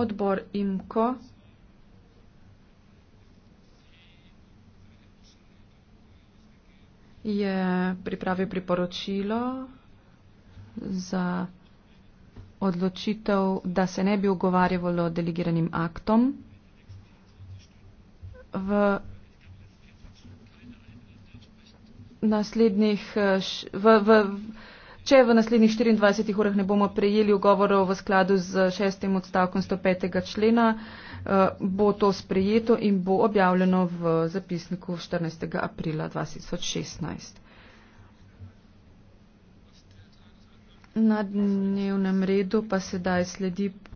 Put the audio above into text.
odbor IMKO je pripravil priporočilo za odločitev, da se ne bi ugovarjalo delegiranim aktom. V naslednjih, v, v, Če v naslednjih 24 urah ne bomo prejeli ugovorov v skladu z šestim odstavkom 105. člena, eh, bo to sprejeto in bo objavljeno v zapisniku 14. aprila 2016. Na dnevnem redu pa sedaj sledi.